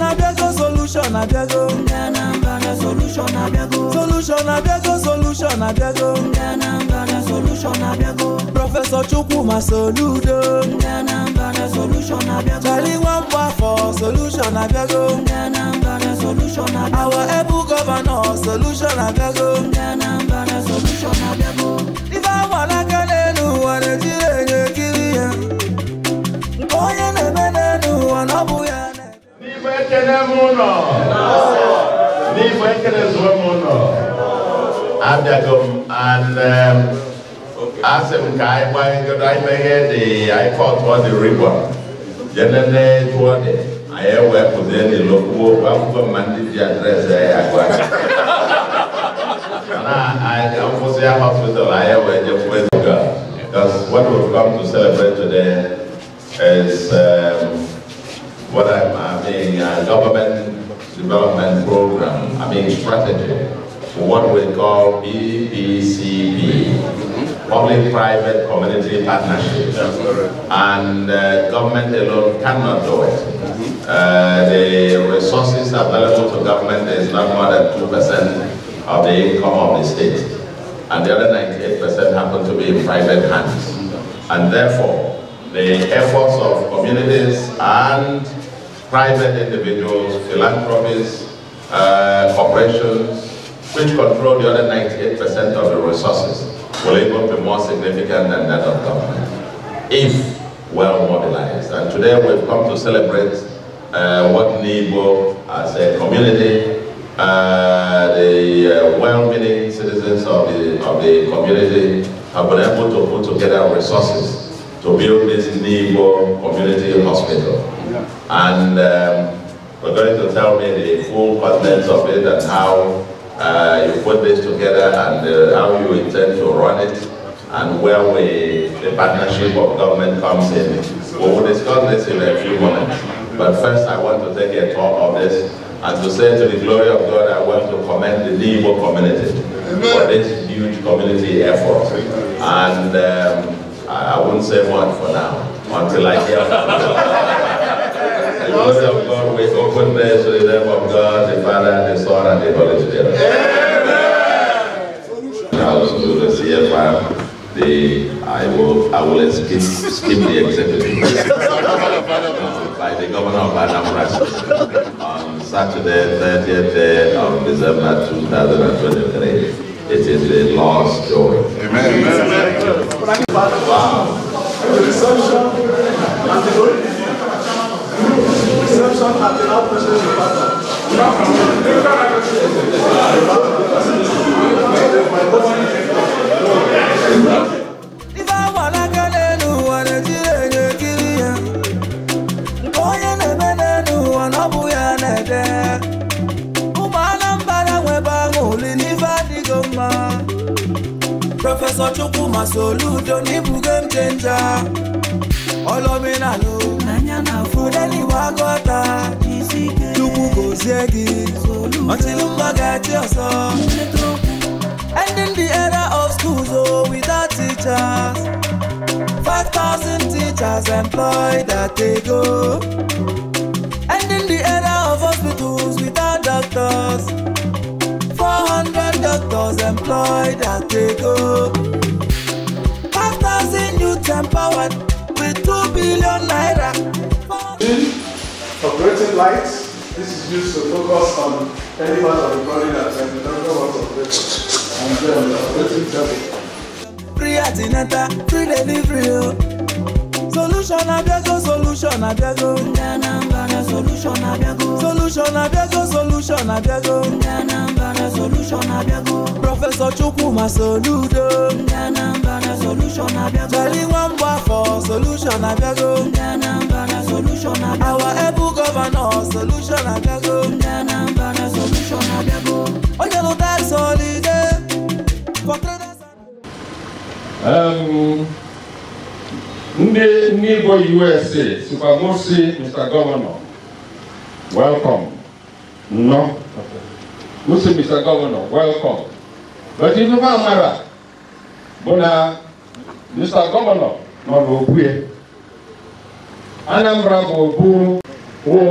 abịago solution abịago solution abịago solution abịago solution abịago solution abịago prọfesọ chukwuma soludo solution abịago mkpa solution abịago solution abịago our ebu governor solution abịago solution abịago ife agba n'aka n'elu ụwa na-ejiri enyo ya nke onye na-eme n'elu ụwa na eme nelu tenemos uno. Ni fue que les uno. Abdagum and um, asem ka ai kwa dai me he de ai ko to the river. Jenene to de ai e we ko de ni lokuo wa ko mandi di address e agwa. Ana ai am for the hospital ai e we je for the Because what we've come to celebrate today is um, what I'm, uh, I mean, uh, government development program, I mean strategy for what we call PPCP, public-private community partnership. And uh, government alone cannot do it. Uh, the resources available to government is not more than 2% of the income of the state. And the other 98% happen to be in private hands. And therefore, the efforts of communities and private individuals, philanthropies, uh, corporations, which control the other 98% of the resources, will even be more significant than that of government, if well mobilized. And today we've come to celebrate uh, what NIBO as a community, uh, the uh, well-meaning citizens of the, of the community have been able to put together resources to build this NIBO community hospital. And um, we're going to tell me the full contents of it and how uh, you put this together and uh, how you intend to run it and where we, the partnership of government comes in. We will discuss this in a few moments. But first I want to take a tour of this and to say to the glory of God, I want to commend the Igbo community for this huge community effort. And um, I, won't say one for now until I hear from Lord of God, we open this to the name of God, the Father, the Son, and the Holy Spirit. Amen. I will do the CFM. The, I will, I will skip, skip the executive by the governor of Anambra on Saturday, 30th day of December 2023. It is a lost joy. Amen. Amen. Wow. solution at the outpatient department. Ife agba n'aka n'elu ụwa na-ejire enyo ekiri ya nke na-eme n'elu ụwa na ọ bụ ya na-ede fudeliwagota chukwu gozie gị ọchịlụ mba ga-achị ọsọ ending the era of schools oh, without teachers Five thousand teachers employed at ego ending the era of hospitals without doctors Four hundred doctors employed at ego 5000 youth empowered Operating lights. This is used to focus on any part of the body that can be done what's operated. And then the operating table. Pre-antenatal, delivery oh. Solution Abiago, solution Abiago. Solution Abiago. Solution Abiago, solution Abiago. Solution Abiago. Professor Chukwuma Soludo solution abịago Jaliwa mgba for solution abịago Ndị Anambra solution abịago Our able governor solution abịago Ndị Anambra solution abịago Onye lụta solide ndị ndị Igbo USA sikwa mụ si Mr. Governor welcome nnọọ mụ si Mr. Governor welcome but ife amara bụ na mr gọvanọ nọ n'okwu ya anambra bụ obu wo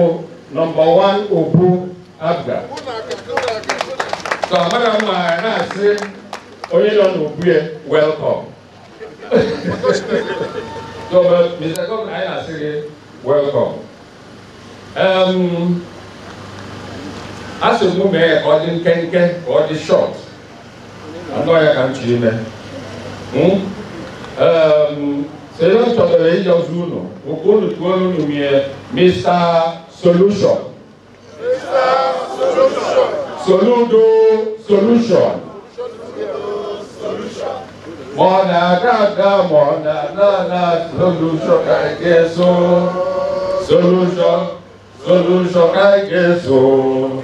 nọmba wan obu abga so amara mma na-asị onye nọ n'okwu ya welcome so mr gọvanọ anyị na welcome um, asụsụ mee ka ọ dị nkenke ka ọ dị short anọ ya ka m chiri ime hmm? Ehm, Sera tɔlɛlɛ yazuno o ko nu tuwa nu nu miɛ Mr Solution. Mr Solution. Soludo Solution. Mɔna kaka mɔna nana solution ka kɛ so. Solution solution ka kɛ so.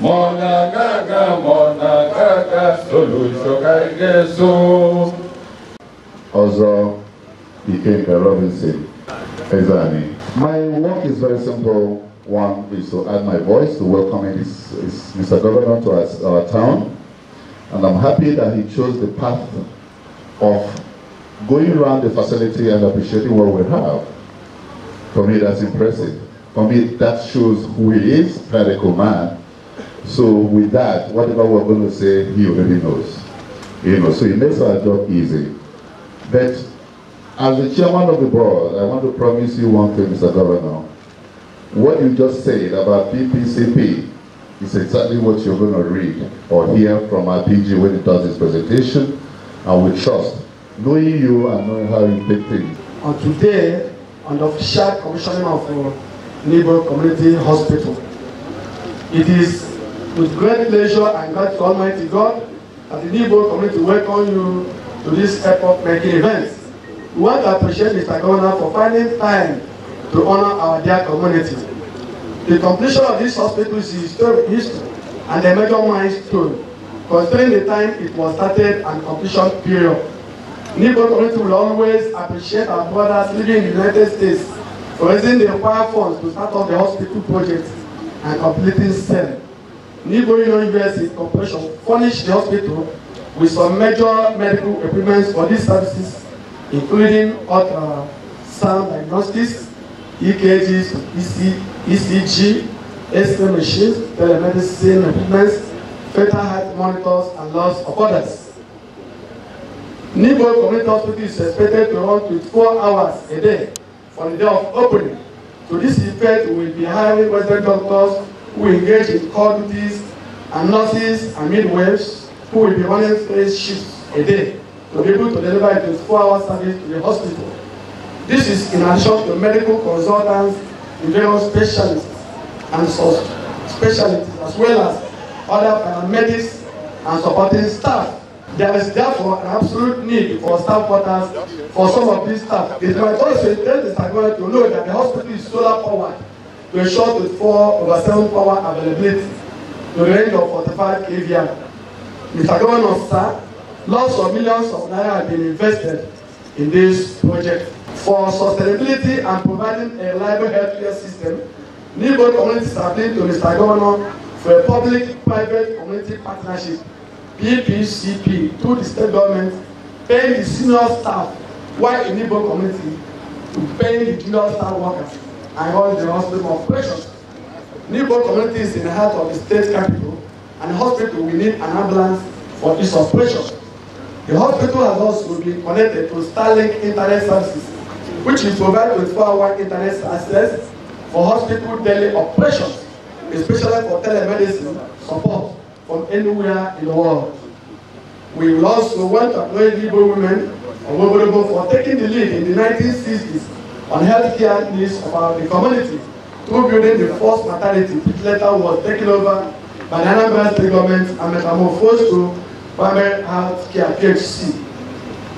Mɔna kaka mɔna kaka solution ka kɛ so. Also, became a Robinson Ezani. My work is very simple. One is to add my voice to welcoming Mr. Governor to our, our town. And I'm happy that he chose the path of going around the facility and appreciating what we have. For me, that's impressive. For me, that shows who he is, radical man. So with that, whatever we're going to say, he already knows. You know, so it makes our job easy. But as the chairman of the board, I want to promise you one thing, Mr. Governor. What you just said about PPCP is exactly what you're going to read or hear from RPG when it does its presentation, and we trust, knowing you and knowing how you take things. And today, on the official commissioning of uh, Neighbor Community Hospital, it is with great pleasure and gratitude Almighty God that the Neighbor Community welcome you to this epoch-making event. We want to appreciate Mr. Governor for finding time to honor our dear community. The completion of this hospital is historic history and a major milestone considering the time it was started and completion period. Nibor community will always appreciate our brothers living in the United States for raising the required funds to start up the hospital project and completing SEN. Nibor Union University Corporation furnished the hospital with some major medical equipment for these services, including ultrasound diagnostics, EKGs, ECG, e X-ray machines, telemedicine equipment, fetal health monitors, and lots of others. Nibo Community Hospital is expected to run 24 hours a day on the day of opening. So this effect, will be hiring resident doctors who engage in core duties and nurses and midwives who will be running three shifts a day to be able to deliver a 24-hour service to the hospital. This is in addition to medical consultants, general specialists and subspecialists, as well as other paramedics and supporting staff. There is therefore an absolute need for staff quarters for some of these staff. It might also tell the staff to know that the hospital is solar powered to ensure four over seven power availability to the range of 45 kVA. Mr. Governor, sir, lots of millions of naira have been invested in this project for sustainability and providing a reliable healthcare system. Neighboring communities have been to Mr. Governor for a public-private community partnership PPCP through the state government paying the senior staff while in Igbo community to pay the junior staff workers and all the hospital operations. Igbo community is in the heart of the state capital and the hospital will need an ambulance for its operations. The hospital has also been connected to Starlink internet services, which will provide 24-hour internet access for hospital daily operations, especially for telemedicine support from anywhere in the world. We will also want to acknowledge Igbo women and women for taking the lead in the 1960s on healthcare needs of our community through building the first maternity, which later was taken over Banana Belt Ligament and Metamorphosed to Permanent Health Care PHC.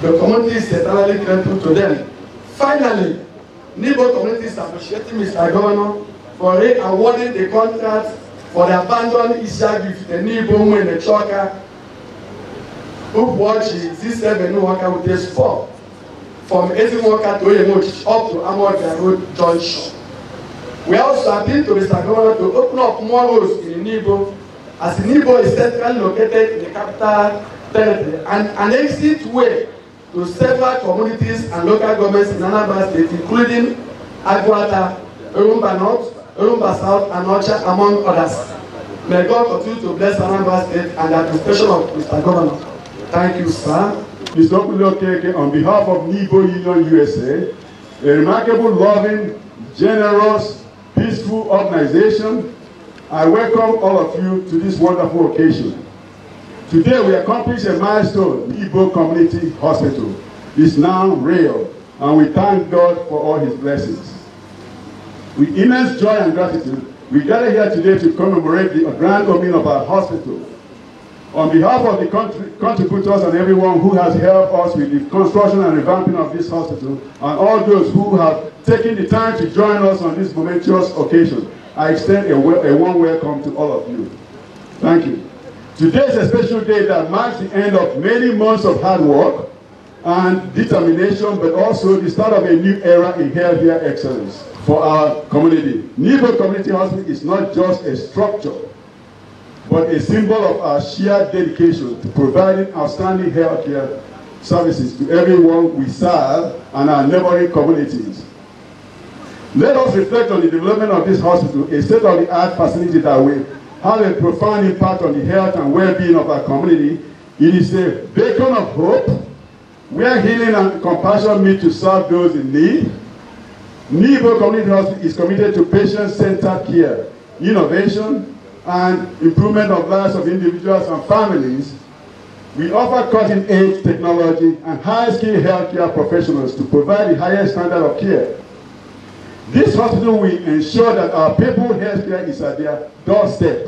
The community is eternally grateful to them. Finally, Nibo community is appreciating Mr. Governor for re-awarding the contract for the abandoned Isha with the Nibo and the Chaka. who watched this seven worker with this four, from Ezim worker to Oyemoch up to Amor Road Junction. We also appeal to Mr. Governor to open up more roads in Nibo As Nibo is centrally located in the capital territory and an exit way to several communities and local governments in Anambra State, including Aguata, Urumba North, Urumba South, and Ocha, among others. May God continue to bless Anambra State and the administration of Mr. Governor. Thank you, sir. Mr. Okeke, on behalf of Nibo Union USA, a remarkable, loving, generous, peaceful organization I welcome all of you to this wonderful occasion. Today we accomplish a milestone, the Igbo Community Hospital is now real and we thank God for all his blessings. With immense joy and gratitude, we gather here today to commemorate the grand opening of our hospital. On behalf of the contributors and everyone who has helped us with the construction and revamping of this hospital, and all those who have taken the time to join us on this momentous occasion, I extend a, a warm welcome to all of you. Thank you. Today is a special day that marks the end of many months of hard work and determination, but also the start of a new era in healthcare excellence for our community. Nebo Community Hospital is not just a structure, but a symbol of our shared dedication to providing outstanding healthcare services to everyone we serve and our neighboring communities. Let us reflect on the development of this hospital, a state-of-the-art facility that will have a profound impact on the health and well-being of our community. It is a beacon of hope where healing and compassion meet to serve those in need. Nebo Community Hospital is committed to patient-centered care, innovation, and improvement of lives of individuals and families. We offer cutting-edge technology and high-skilled healthcare professionals to provide the highest standard of care. This hospital will ensure that our people healthcare is at their doorstep.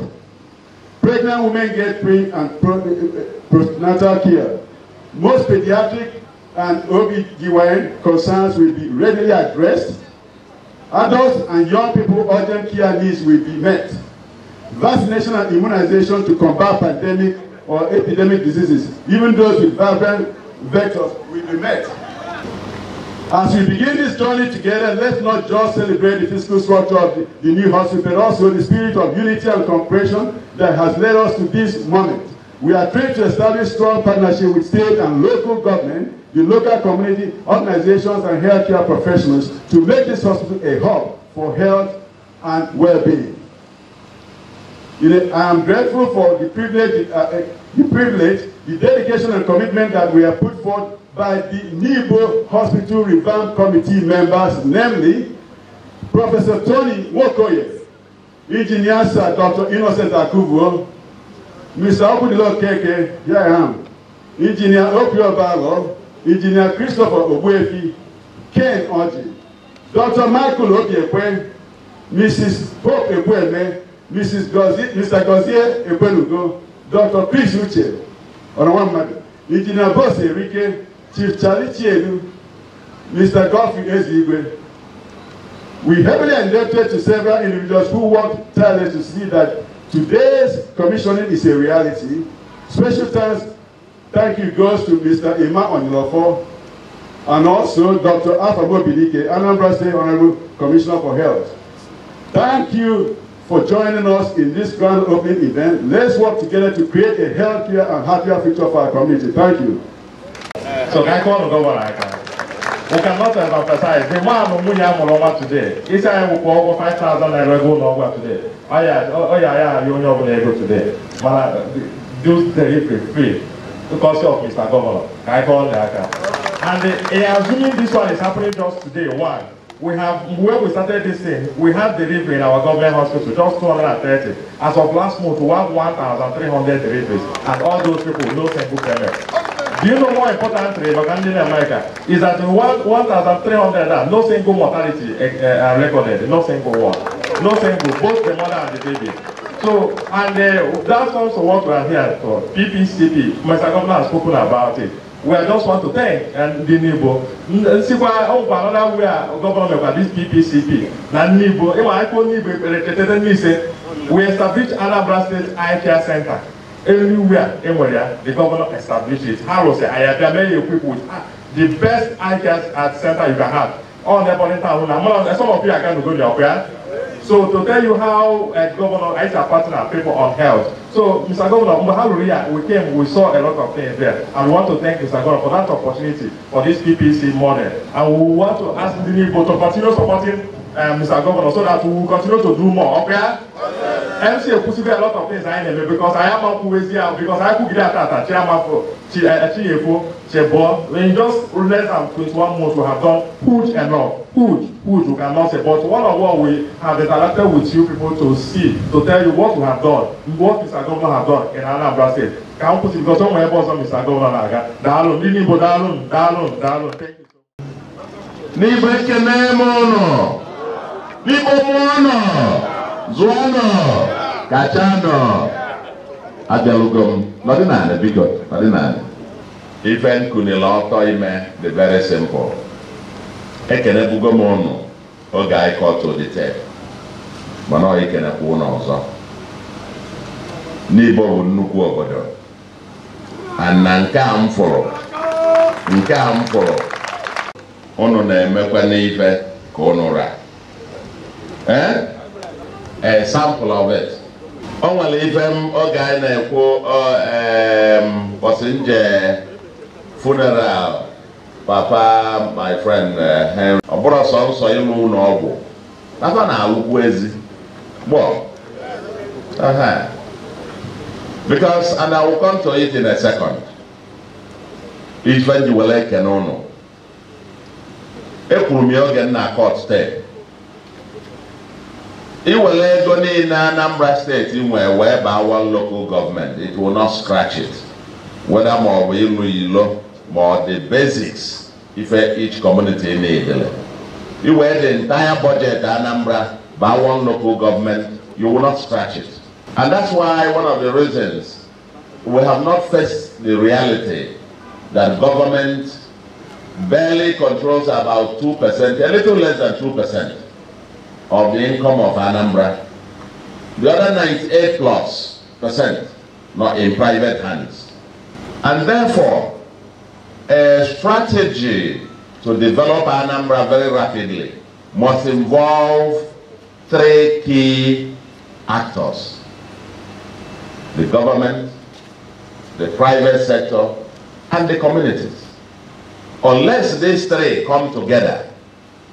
Pregnant women get free and pro eh, eh, eh, postnatal care. Most pediatric and OBGYN concerns will be readily addressed. Adults and young people urgent care needs will be met. Vaccination and immunization to combat pandemic or epidemic diseases, even those with viral vectors, will be met. As we begin this journey together, let's not just celebrate the physical structure of the, the new hospital, but also the spirit of unity and cooperation that has led us to this moment. We are trying to establish strong partnership with state and local government, the local community, organizations, and healthcare professionals to make this hospital a hub for health and well-being. I am grateful for the privilege, uh, uh the privilege The dedication and commitment that we have put forth by the Nibo Hospital Revamp Committee members, namely Professor Tony Wokoye, Engineer Sir Dr. Innocent Akubuo, Mr. Obudilo Keke, here I am, Engineer Opio Balo, Engineer Christopher Obuefi, Ken Oji, Dr. Michael Obiekwe, Mrs. Pope Ekweme, Mrs. Gozie, Mr. Gozie Ekwelugo, Dr. Chris Uche, ọnọwa mmadụ injinia bọs erike chief charlie chielu mr godfrey ezigwe we heavily indebted to several individuals who worked tirelessly to see that today's commissioning is a reality special thanks thank you goes to mr emma onilofo and also dr afagbo bilike anambra state honourable commissioner for health thank you for joining us in this grand opening event. Let's work together to create a healthier and happier future for our community. Thank you. So I call the governor. We cannot emphasize the man who we have over today. He said, I will call over 5,000 and go over today. Oh, yeah, oh, yeah, yeah, you're not going to go today. But uh, do delivery free because of Mr. Governor. I call the And the assuming this one is happening just today, Why? we have, when we started this thing, we have delivery in our government hospital, just 230. As of last month, we have 1,300 deliveries, and all those people, no single payment. Do you know more important thing about in America? Is that in 1,300, no single mortality eh, eh, uh, recorded, no single one. No single, both the mother and the baby. So, and uh, that's also what we are here for. PPCP, Mr. Governor has spoken about it. we are just want to thank and the Igbo nsikwa ọgwa another way a gọvanọ mekwa this PPCP na ndị Igbo ịwa e, akpọ e, ndị Igbo ekperetete n'ise we establish Anambra State Eye Care Center everywhere e nwere ya the governor establish it ha rụsị ayabịa mee ya equip with the best eye care center you can have all neighboring town na mụ na some of you aga n'ogo dị ọkụ ya So to tell you how uh, Governor Isa Partner people on health. So Mr. Governor Muhaluria, we came, we saw a lot of things there. And we want to thank Mr. Governor for that opportunity for this PPC morning. And we want to ask the people to continue supporting uh, Mr. Governor so that we will continue to do more. Okay? Yes. MC Okusibe, a lot of things are in there because I am up with here because I could get that chairman for uh, Chiefo, Chebo. When just less than 21 months, we have done huge enough who who you can say but one on what we have interacted with you people to see to tell you what we have done what mr governor have done in anambra state ka n put it because ọmọ ẹ bọ mr governor aga daalụ ndị dalun, dalun, dalun. daalụ. n'igbo ekene m ụnụ n'igbo mụọ nọ zụọ nọ kacha nọ abịalụgo m nọdịnala biko nọdịnala ife nkunile ọtọ ime the very simple. ekelebugo m ụnụ oge anyị ka ọ tolite mana ọ ikenekwa ụnụ ọzọ N'Ibo bụ nnukwu obodo na nke a m fụrụ nke a m fụrụ ụnụ na-emekwa n'ife ka ụnụ ra ee eh? sample of it ọ nwere ife m oge anyị na-ekwu bọsị nje funeral papa my friend uh, Henry ọ bụrụ nsọ ịlụ ụlọ ọgwụ nafa na-alụkwu ezi gbọ because and I will come to it in a second ife nji were ekene ụnụ ekwuru m ya oge nna court steeti iwere ego niile Anambra steeti nwee wee baa one local government it will not scratch it weda ma ọ bụ ịlụ ilo more the basics if uh, each community na-edele You wee the entire budget Anambra by one local government you will not scratch it and that's why one of the reasons we have not faced the reality that government barely controls about 2%, a little less than 2% of the income of Anambra. The other 98 plus percent not in private hands. And therefore, a strategy to develop Anambra very rapidly must involve three key actors. The government, the private sector, and the communities. Unless these three come together,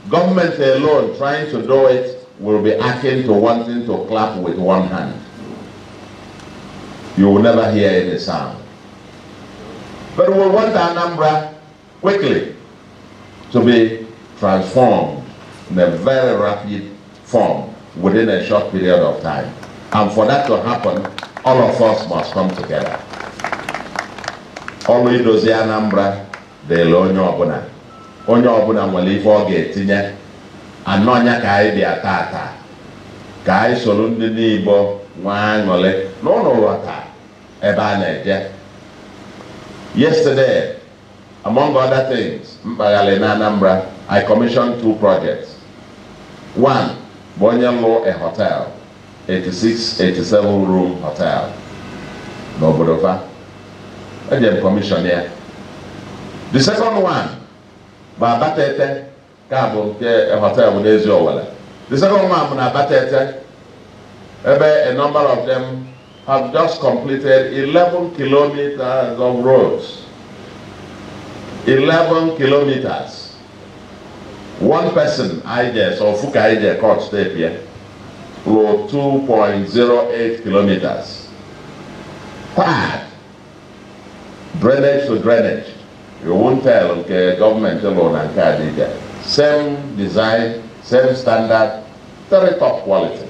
government alone trying to do it will be akin to wanting to clap with one hand. You will never hear any sound. But we want our number quickly to be transformed in a very rapid form within a short period of time. And for that to happen, all of us must come together. Ọrụ idozi Anambra dịịrị onye ọbụla. Onye ọbụla nwere ife ọ ga-etinye anọnya ka anyị bịa kai ka anyị soro ndị n'Igbo nwee aṅụrị na ụlọ ụlọ taa ebe a Yesterday, among other things, Mpayale Anambra, I commissioned two projects. One, Bonyanlo, a hotel, 86, 87 room hotel, Nobodova. I did commission here. The second one, Babatete, Cabo, a hotel in Ezio. The second one, Babatete, a number of them have just completed 11 kilometers of roads. 11 kilometers. One person, IJS so Fuka IJ Court State here, rode 2.08 kilometers. Bad. Drainage to drainage. You won't tell okay, government alone and Kadija. Same design, same standard, very top quality.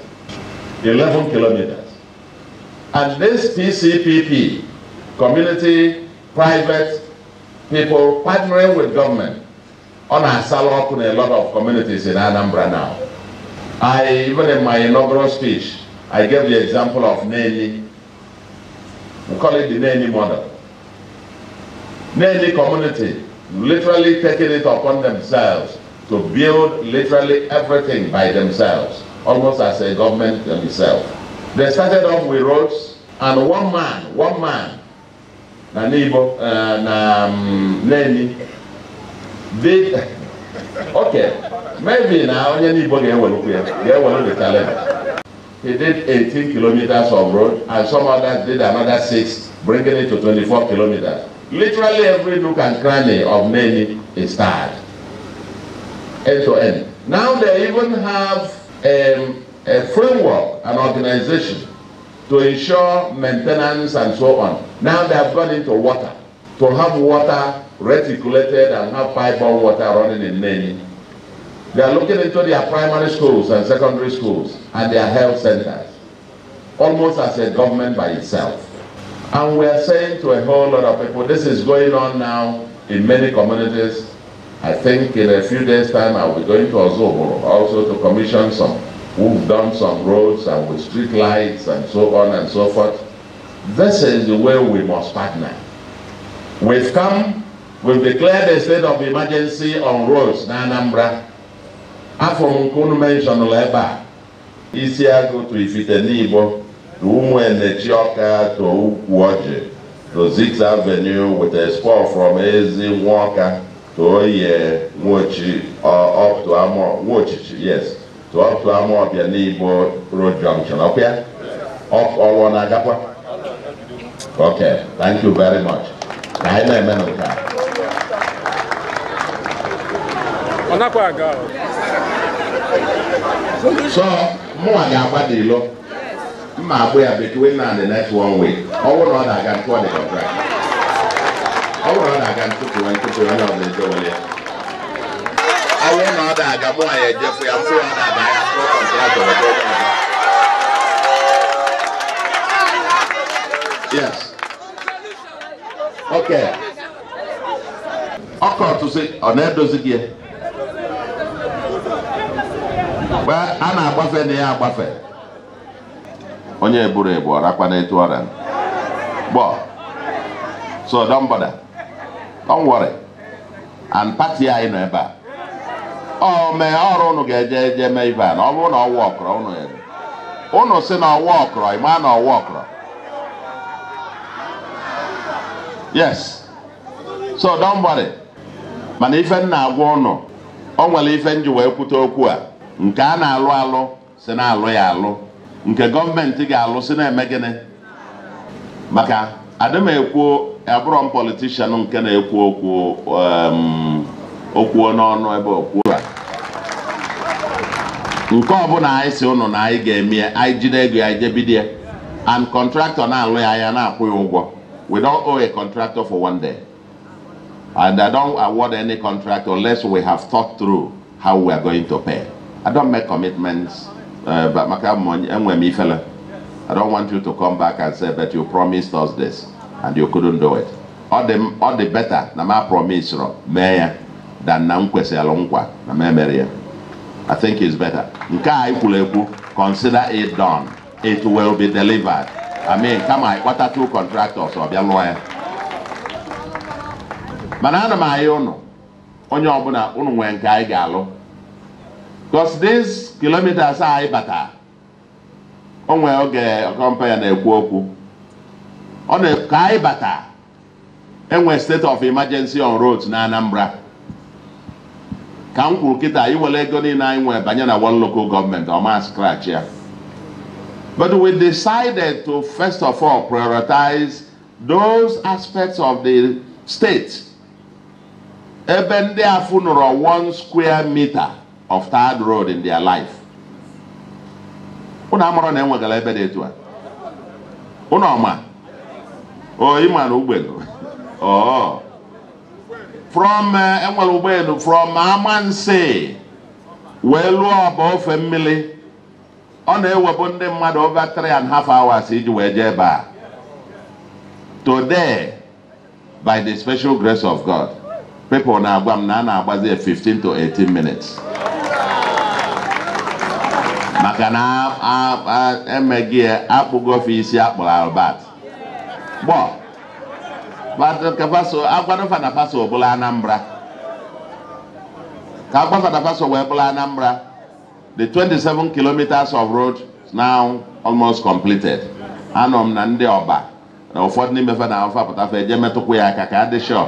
11 kilometers. And this PCPP, community, private people partnering with government, on Asala up in a lot of communities in Anambra now. I, even in my inaugural speech, I gave the example of Nelly. We call it the Nelly model. Nelly community literally taking it upon themselves to build literally everything by themselves, almost as a government themselves. They started off with roads, and one man, one man, na Nibo, uh, na um, Lenny, did. okay, maybe na onye Nibo ga-ewelụkwu ya, ga the ya. He did 18 kilometers of road, and some others did another six, bringing it to 24 kilometers. Literally every nook and cranny of Nene is tired, end to end. Now they even have. Um, a framework, an organization to ensure maintenance and so on. Now they have gone into water. To have water reticulated and have pipe water running in many. They are looking into their primary schools and secondary schools and their health centers, almost as a government by itself. And we are saying to a whole lot of people, this is going on now in many communities. I think in a few days' time, I'll be going to Ozoboro also to commission some We've done some roads and with street lights and so on and so forth. This is the way we must partner. We've come, we've declared a state of emergency on roads na Anambra. Afọ nke unu mentionụla ebe a, to Ifite n'Igbo, to the Chiọka to Ukwu Ọjị, to Sixth Avenue with a spur from Ezi walker to Oye Nwochi, or uh, up to Amọ Nwochichi, yes. to ọtụ ama ọbịa n'igbo road junction ọkwa ọrụ ọ na-agakwa ok thank you very much ka anyị na-eme nke a ọ nakwa aga so mụnwa ga-agba n'ilo mma agbụ ya between na the next one week ọ bụrụ na ọ na-aga ntụ ọ dị contract ọ bụrụ na ọ na-aga ntụtụ onye ntụtụ onye ọ bụla ejewele ya awụ na ọ ga aga mụ na ya ejefu ya mkpụrụ ọ na-ada ya tụrụ kọntratọ Yes. Okay. ọkọtụ sị ọ na-edozi gị a na-agbafe na ya agbafe onye eburu ebu ọ rakwa n'etu ọrịa gbọ so don't ọ don't worry and pati anyị nọ ebe a omee ọrụ ụnụ ga-eje eje mee ibe a na ọ bụrụ na ọwa ọkụrọ ụnụ ụnụ si na ọwa ọkụrọ ịma na ọwa ọkụrọ yes so don't worry mana ife m na-agwa ụnụ o nwere ife nji wee kwute okwu a nke a na-alụ alụ si na-alụ ya alụ nke gọọmenti ga-alụ si na-eme gịnị maka adị m ekwu abụrọ m politishan nke na-ekwu okwu um, okwuo n'ọnụ ebe okwuo nke ọbụla anyị si ụnụ na anyị ga-eme anyị jide ego ya jebidi and contractor na-alụ ya ya na-akwụ ya ụgwọ we don't owe a contractor for one day and I don't award any contract unless we have thought through how we are going to pay I don't make commitments uh, but maka enwe m ifele I don't want you to come back and say that you promised us this and you couldn't do it ọ dị ọ dị beta na ma promise rọ mee ya than na m kwesịrị nkwa na m emere ya I think it's better. Nke a anyị ekwu consider it done. It will be delivered. I mean, kama ịkpọta two contractors ọ bịa lụọ ya. Mana ana m anyị ụnụ onye ọbụla ụnụ nwee nke anyị ga-alụ. Because this kilometers anyị bata o nwee oge ọkọmpa ya na-ekwu okwu. Ọ na-ka anyị bata enwe state of emergency on roads na Anambra. ka m kwuru kịta anyị nwere ego niile anyị nwere banye na one local government ọma scratch ya but we decided to first of all prioritize those aspects of the state ebe ndị afụ nụrụ one square meter of third road in their life ụnụ amụrụ na enwegara ebe dị etu a ụnụ ọma ịma na ugbelu oo from eh, enwere ụgbọelu from amansi wee lụọ ọba ofe mmiri ọ na ewepụ ndị mmadụ over three and half hours iji wee jee ebe a today by the special grace of God people na-agwa m na a na-agbazi 15 to 18 minutes maka na emeghị akpụgo isi akpụrụ Albert gbọ na faso anambra ka agwa na faso wee bụla anambra the 27 kilometers of road now almost completed anọ m na ndị ọba na ụfọdụ n'ime fe na apụta apụtafe eje metụkwa ya aka ka adị shọ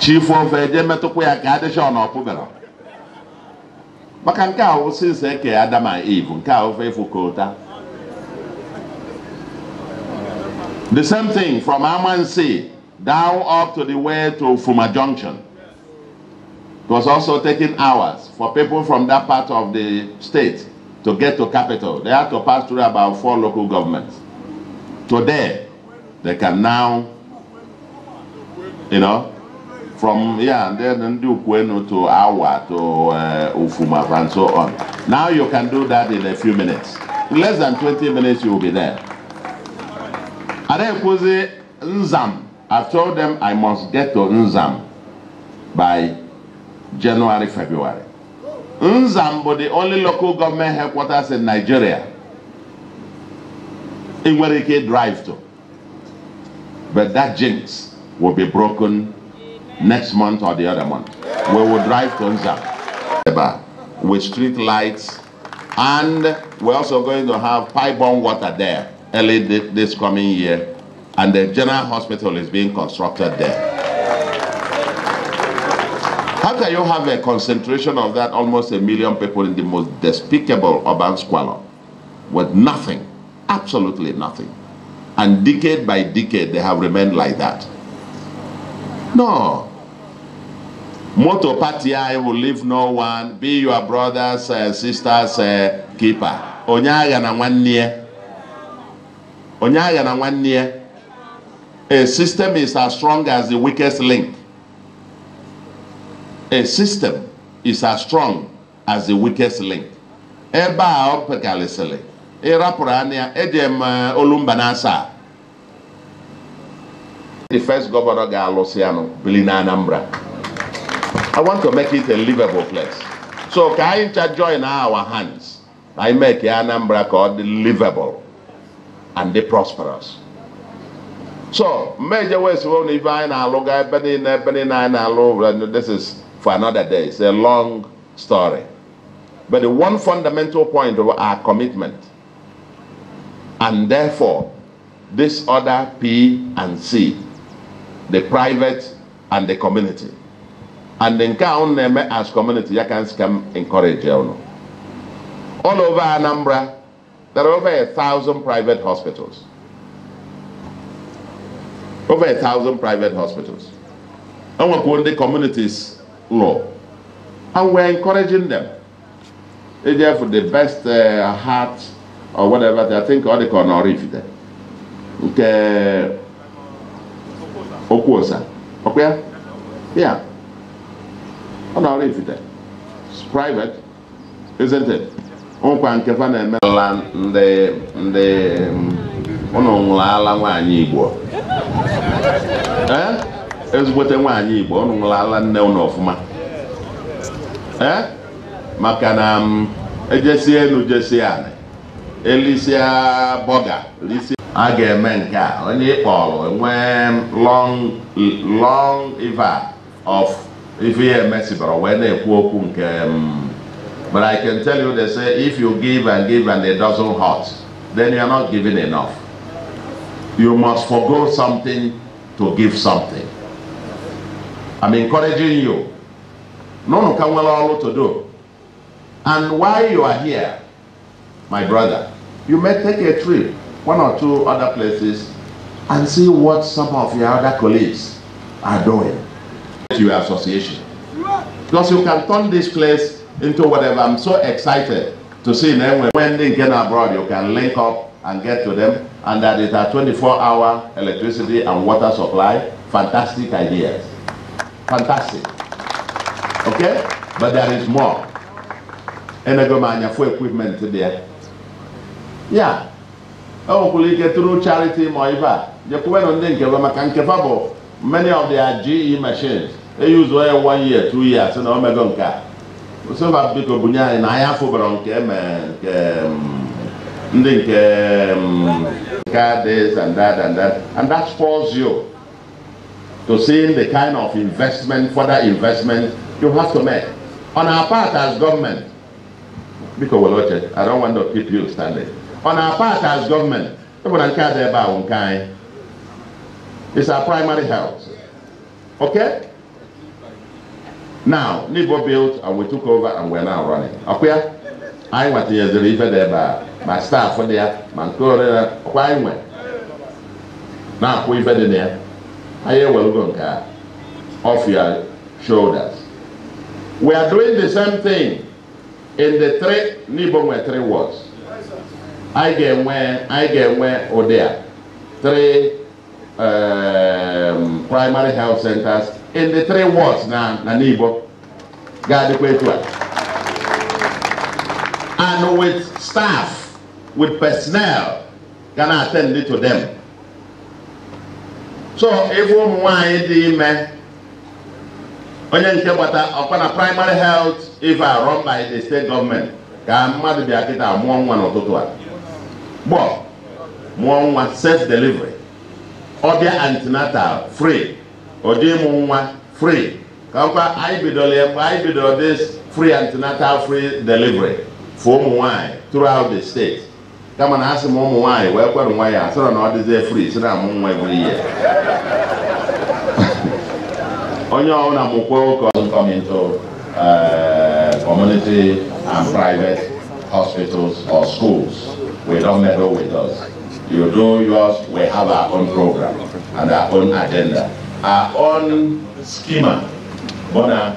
chifu ofe eje metụkwa ya ka adị shọ na ọpụbara maka nke a wụ eke Adam nke a ofe ịfụ kota The same thing from Amansi down up to the way to Fuma Junction. It was also taking hours for people from that part of the state to get to capital. They had to pass through about four local governments. Today, they can now, you know, from yeah, and then do to Awa to uh, Ufuma and so on. Now you can do that in a few minutes. In less than 20 minutes, you will be there. Adekwuze Nzam. i told them I must get to Nzam by January, February. Nzambo, the only local government headquarters in Nigeria, in where they can drive to. But that jinx will be broken next month or the other month. We will drive to Nzam with street lights and we're also going to have pipe water there early this coming year, and the general hospital is being constructed there. How can you have a concentration of that almost a million people in the most despicable urban squalor with nothing, absolutely nothing? And decade by decade, they have remained like that. No, Moto I will leave no one. Be your brother's uh, sister's uh, keeper. Onyaga na nwanne onye agha na nwanne ya a system is as strong as the weakest link a system is as strong as the weakest link ebe a ọ pekarịsịrị ịrapụrụ anya eji m e, olumba na asaa the first governor ga-alụsị ya bili na Anambra I want to make it a livable place so ka anyị ncha join our hands na anyị ka Anambra ka ọ dị livable and they prosper us so major ways we na ife anyị na-alụ this is for another day it's a long story but the one fundamental point of our commitment and therefore this other p and c the private and the community and in a unu as community I can't come encourage you all over Anambra there are over a thousand private hospitals. Over a thousand private hospitals. And we're going the communities law. And we're encouraging them. They there for the best uh, heart or whatever. They think all the corner if they. Okay. Okuosa. Okay? Yeah. Honor if there. It's private, isn't it? nkwa nke fa na-emela ndị ndị ụnụ nwụrụ ala nwaanyị igbo eh? ezigbote nwaanyị igbo ụnụ nwụrụ ala nne ụnụ ọfụma eh? maka na mm, ejesie elu jesie ala elisia bọga risi a ga-eme nke a onye ịkpọrọ nwee long long iva of ife ya emesibara wee na-ekwu okwu nke mm, But I can tell you, they say, if you give and give and it doesn't hurt, then you are not giving enough. You must forego something to give something. I'm encouraging you. No no, can well all to do. And while you are here, my brother, you may take a trip, one or two other places, and see what some of your other colleagues are doing to your association. Because you can turn this place into whatever. I'm so excited to see them when they get abroad, you can link up and get to them, and that is a 24-hour electricity and water supply. Fantastic ideas. Fantastic. Okay? But there is more. And I go man, for equipment there. Yeah. Oh, we get through charity moiva. You can think of many of their GE machines. They use one year, two years, and Omega. Silva biko bunye na anyị afụbara nke nke mm, ndị mm, and that and that and that spoils you to see the kind of investment further investment you have to make on our part as government biko were I don't want to keep you standing on our part as government we nke a dị ebe ahụ it's our primary health okay now Nibo built and we took over and we're now running Okay? I nwetanyeziri ife dị there my staff. staafụ there, my ma nke ore ya ọkwa anyị nwe na-akwụ ife dị na ya off your shoulders we are doing the same thing in the three Nibo three words I get where. I get where. or oh, there. three um, primary health centers in the three words na na n'Igbo ga-adịkwa etu a and with staff with personnel ga attend attend to them so ebe ụmụ nwanyị dị ime onye nke gbata ọkwa na primary health if I run by the state government ka mmadụ bịa kịta mụọ nwa n'ụtụtụ a gbọ mụọ nwa self delivery ọbịa antenatal free ọdịmụ nwa free ka nkwa anyị bidoro ya mgbe anyị this free antenatal free delivery for ụmụ throughout the state kama na asị m ụmụ nwaanyị wee kwerụ nwa ya sịrọ na ọ free si na amụ nwa eburu ihe onye ọbụla mụkwa ụka come into uh, community and private hospitals or schools we don't meddle with us you do yours we have our own program and our own agenda our own schema, Bona,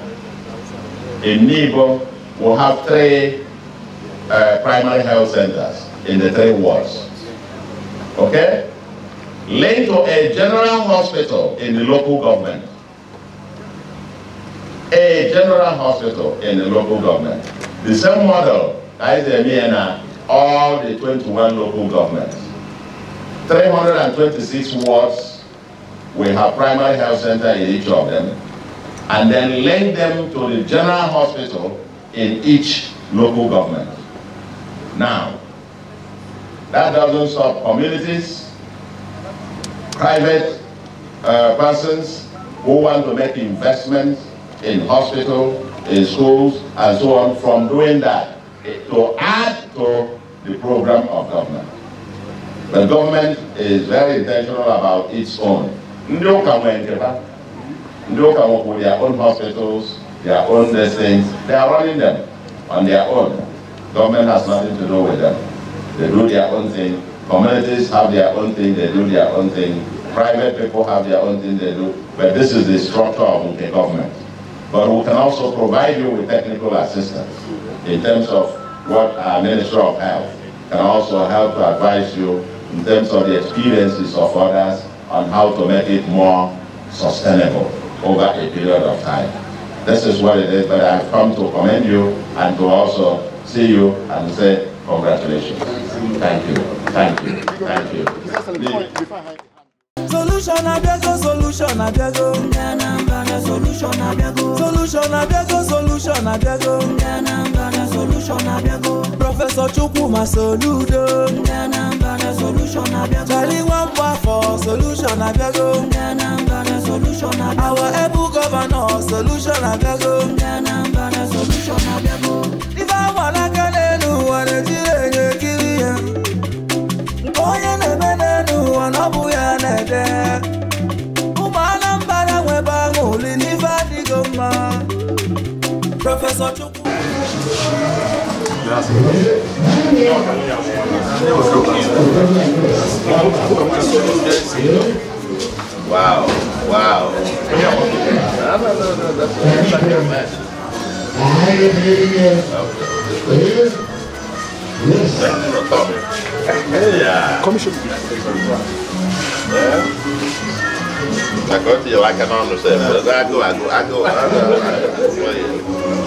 in Nibo, will have three uh, primary health centers in the three wards. Okay? Linked to a general hospital in the local government. A general hospital in the local government. The same model as in Vienna, all the 21 local governments. 326 wards with her primary health center in each of them, and then link them to the general hospital in each local government. Now, that doesn't stop communities, private uh, persons who want to make investments in hospital, in schools, and so on from doing that to add to the program of government. The government is very intentional about its own ndị ụka nwere nke ha ndị ụka nwekwu their own hospitals their own things they are running them on their own government has nothing to do with them they do their own thing communities have their own thing they do their own thing private people have their own thing they do but this is the structure of the government but we can also provide you with technical assistance in terms of what our Minister of Health can also help to advise you in terms of the experiences of others on how to make it more sustainable over a period of time. This is what it is, but I've come to commend you and to also see you and say congratulations. Thank you. Thank you. Thank you. Thank you. Thank you solution abịago solution abịago solution abịago solution abịago solution abịago prọfesọ chukwuma soludo solution abịago chari nwa mkpọ afọ solution abịago solution abịago our ebu governor solution abịago solution abịago ife agba n'aka n'elu ụwa na-ejiri enye kiri ya nke onye na-eme n'elu ụwa na ọ na Ezochukwu. Wow, wow. No, no, no, that's like a match. Okay. Commission. Yeah. I go to you, I can understand. But I go, I go, I go. I go. I go. I go. I go.